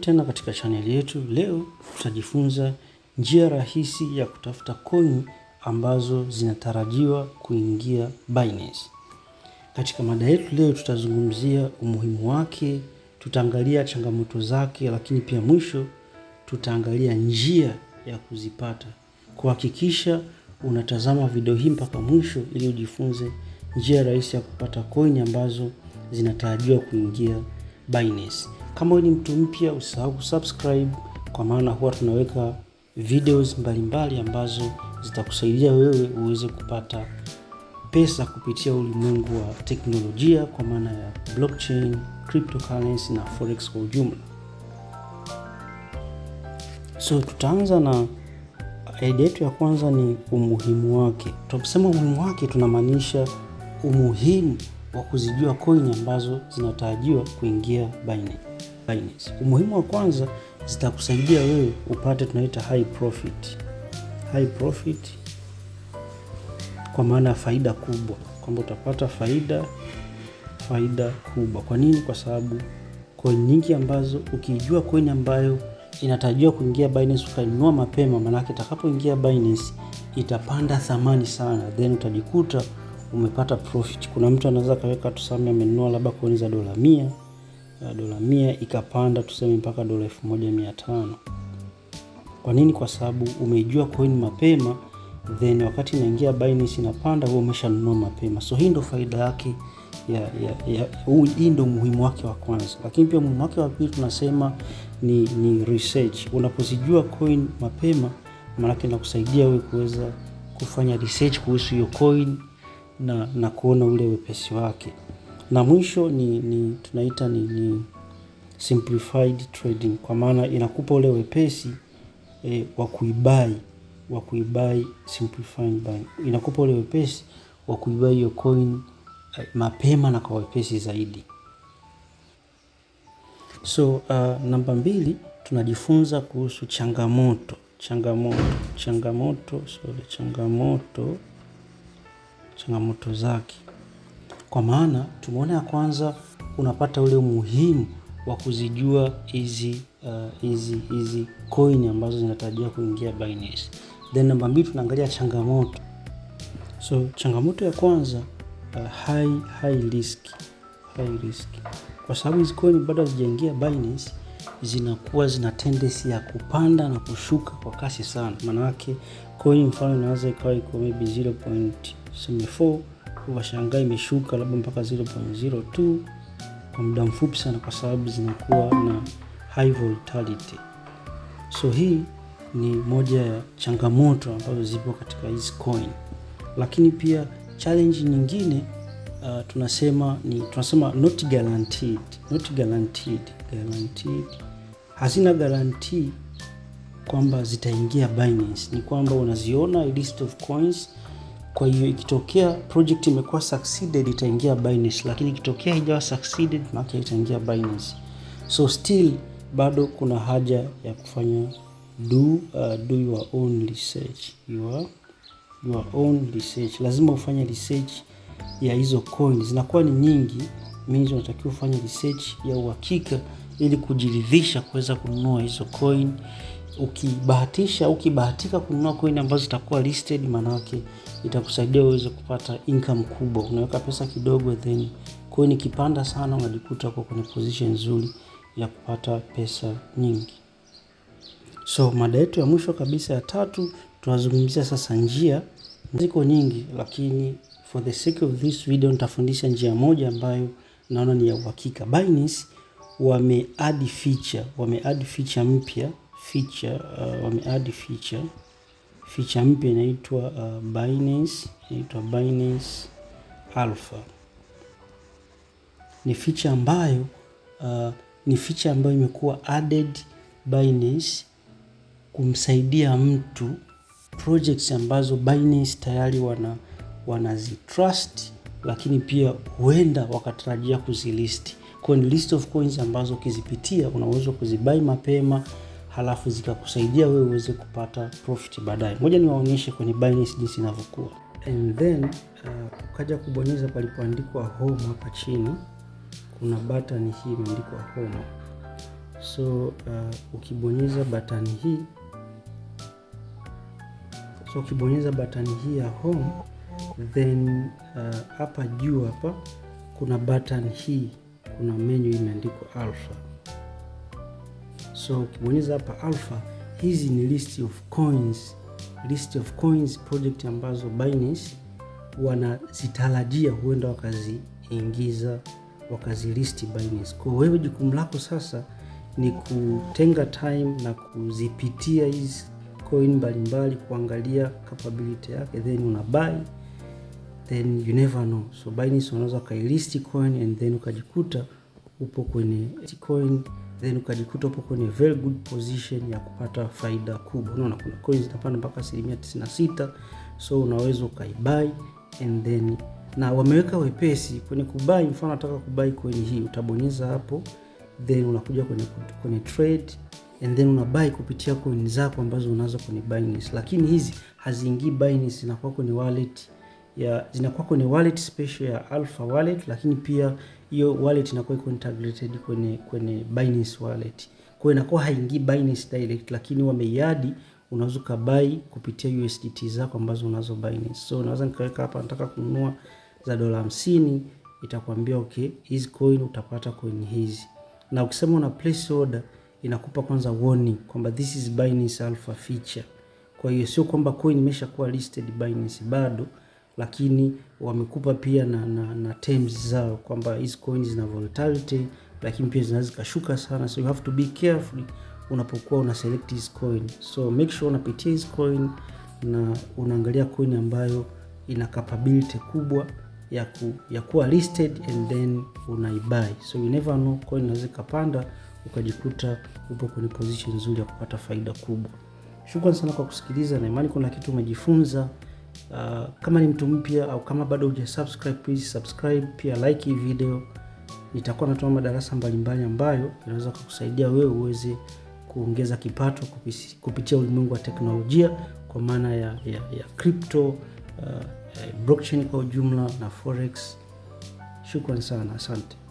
Tena katika chaneli yetu leo tutajifunza njia rahisi ya kutafuta koini ambazo zinatarajiwa kuingia Binance. Katika mada yetu leo tutazungumzia umuhimu wake, tutaangalia changamoto zake, lakini pia mwisho tutaangalia njia ya kuzipata. Kuhakikisha unatazama video hii mpaka mwisho ili ujifunze njia rahisi ya kupata koini ambazo zinatarajiwa kuingia Binance. Kama ni mtu mpya, usisahau kusubscribe, kwa maana huwa tunaweka videos mbalimbali mbali ambazo zitakusaidia wewe uweze kupata pesa kupitia ulimwengu wa teknolojia kwa maana ya blockchain, cryptocurrency na forex kwa ujumla. So tutaanza na idea yetu ya kwanza, ni umuhimu wake. Tunaposema umuhimu wake, tunamaanisha umuhimu wa kuzijua coin ambazo zinatarajiwa kuingia Binance. Finance. Umuhimu wa kwanza zitakusaidia wewe upate tunaita high profit. High profit kwa maana ya faida kubwa, kwamba utapata faida faida kubwa. Kwa nini? Kwa sababu coin nyingi ambazo ukijua coin ambayo inatarajiwa kuingia Binance ukainunua mapema, manake itakapoingia Binance itapanda thamani sana, then utajikuta umepata profit. Kuna mtu anaweza akaweka tuseme amenunua labda coin za dola mia dola mia ikapanda tuseme mpaka dola elfu moja mia tano. Kwa nini? Kwa sababu umeijua coin mapema, then wakati inaingia Binance inapanda, wewe umeshanunua mapema. So hii ndo faida yake ya, ya, ya, hii ndo muhimu wake wa kwanza, lakini pia muhimu wake wa pili tunasema ni, ni research. Unapozijua coin mapema, maanake nakusaidia wewe kuweza kufanya research kuhusu hiyo coin na, na kuona ule wepesi wake na mwisho ni, ni tunaita ni, ni simplified trading, kwa maana inakupa ule wepesi eh, wa kuibai wa kuibai simplified buying, inakupa ule wepesi wa kuibai hiyo coin eh, mapema na kwa wepesi zaidi. So uh, namba mbili tunajifunza kuhusu changamoto changamoto changamoto sorry, changamoto changamoto zake kwa maana tumeona ya kwanza unapata ule umuhimu wa kuzijua hizi uh, hizi uh, hizi coin ambazo zinatarajiwa kuingia Binance. Then namba mbili tunaangalia changamoto. So changamoto ya kwanza uh, high, high risk. High risk kwa sababu hizi coin bado hazijaingia Binance zinakuwa zina tendency ya kupanda na kushuka kwa kasi sana. Maana yake coin mfano inaweza ikawa iko maybe 0.74 washangaa imeshuka labda mpaka 0.02 kwa muda mfupi sana, kwa sababu zinakuwa na high volatility. So hii ni moja ya changamoto ambazo zipo katika hizi coin, lakini pia challenge nyingine uh, tunasema ni tunasema not guaranteed, not guaranteed, guaranteed hazina guarantee kwamba zitaingia Binance. Ni kwamba unaziona list of coins kwa hiyo ikitokea project imekuwa succeeded itaingia Binance, lakini ikitokea haijawa succeeded maana itaingia Binance. So still bado kuna haja ya kufanya do, uh, do your own research. Your, your own research. Lazima ufanye research ya hizo coin, zinakuwa ni nyingi mingi, unatakiwa ufanye research ya uhakika ili kujiridhisha kuweza kununua hizo coin ukibahatisha ukibahatika kununua coin ambazo zitakuwa listed, maana yake itakusaidia uweze kupata income kubwa. Unaweka pesa kidogo, then coin ikipanda sana, unajikuta uko kwenye position nzuri ya kupata pesa nyingi. So mada yetu ya mwisho kabisa ya tatu, tunazungumzia sasa njia. Ziko nyingi, lakini for the sake of this video nitafundisha njia moja ambayo naona ni ya uhakika. Binance wame add feature, wame add feature mpya feature uh, wameadd feature feature mpya inaitwa uh, Binance inaitwa Binance Alpha. Ni feature ambayo uh, ni feature ambayo imekuwa added Binance kumsaidia mtu projects ambazo Binance tayari wana wanazitrust, lakini pia huenda wakatarajia kuzilisti. Kwa ni list of coins ambazo ukizipitia unaweza kuzibai mapema halafu zikakusaidia wewe uweze kupata profit baadaye. Moja, niwaonyeshe kwenye Binance jinsi inavyokuwa, and then uh, ukaja kubonyeza palipoandikwa home hapa chini, kuna button hii imeandikwa home. So uh, ukibonyeza button hii so ukibonyeza button hii ya home then uh, hapa uh, juu hapa kuna button hii, kuna menu imeandikwa alpha So ukibonyeza hapa alpha, hizi ni list of coins, list of coins project ambazo Binance wanazitarajia huenda wakaziingiza wakazilisti Binance. Kwa wewe jukumu lako sasa ni kutenga time na kuzipitia hizi coin mbalimbali, kuangalia capability yake, then una buy, then you never know. So Binance unaweza ukailisti coin and then ukajikuta upo kwenye coin then ukajikuta upo kwenye very good position ya kupata faida kubwa. Unaona kuna coin zinapanda mpaka asilimia 96, so unaweza ukaibai and then na wameweka wepesi kwenye kubai. Mfano nataka kubai coin hii, utabonyeza hapo then unakuja kwenye, kwenye trade and then unabai kupitia coin zako ambazo unazo kwenye Binance, lakini hizi haziingii Binance, zinakuwa kwenye wallet ya zinakuwa kwenye wallet special ya Alpha wallet, lakini pia hiyo wallet inakuwa iko integrated kwenye kwenye Binance wallet. Kwa hiyo inakuwa haingii Binance direct, lakini wameiadi unaweza ukabai kupitia USDT zako ambazo unazo Binance. So unaweza nikaweka hapa nataka kununua za dola 50, itakwambia okay, hizi coin utapata coin hizi. Na ukisema una place order inakupa kwanza warning kwamba this is Binance alpha feature. Kwa hiyo sio kwamba coin imeshakuwa listed Binance bado lakini wamekupa pia na, na, na terms zao kwamba hizi coins zina volatility lakini pia zinaweza zikashuka sana, so you have to be careful unapokuwa una select this coin. So make sure unapitia hizi coin na unaangalia coin ambayo ina capability kubwa ya, ku, ya kuwa listed and then unaibuy. So you never know, coin inaweza ikapanda ukajikuta upo kwenye position nzuri ya kupata faida kubwa. Shukrani sana kwa kusikiliza na imani kuna kitu umejifunza. Uh, kama ni mtu mpya au kama bado hujasubscribe, please subscribe, pia like hii video. Nitakuwa natoa madarasa mbalimbali ambayo inaweza kukusaidia wewe uweze kuongeza kipato kupisi, kupitia ulimwengu wa teknolojia kwa maana ya, ya, ya crypto uh, blockchain kwa ujumla na forex. Shukran sana, asante.